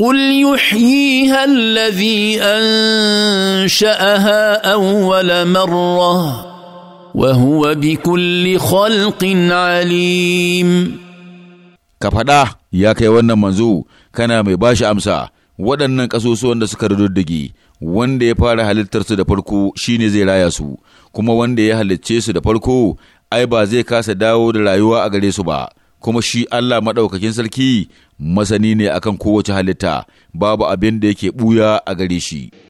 قل يحييها الذي انشاها اول مره وهو بكل خلق عليم ka faɗa ya kai wannan manzo kana mai bashi amsa waɗannan ƙasusuwan da suka rududdige wanda ya fara halittarsu da farko shine zai raya su kuma wanda ya halicce su da farko ai ba zai kasa dawo da rayuwa a gare su ba kuma shi Allah maɗaukakin sarki masani ne akan kowace halitta, babu abin da yake ɓuya a gare shi.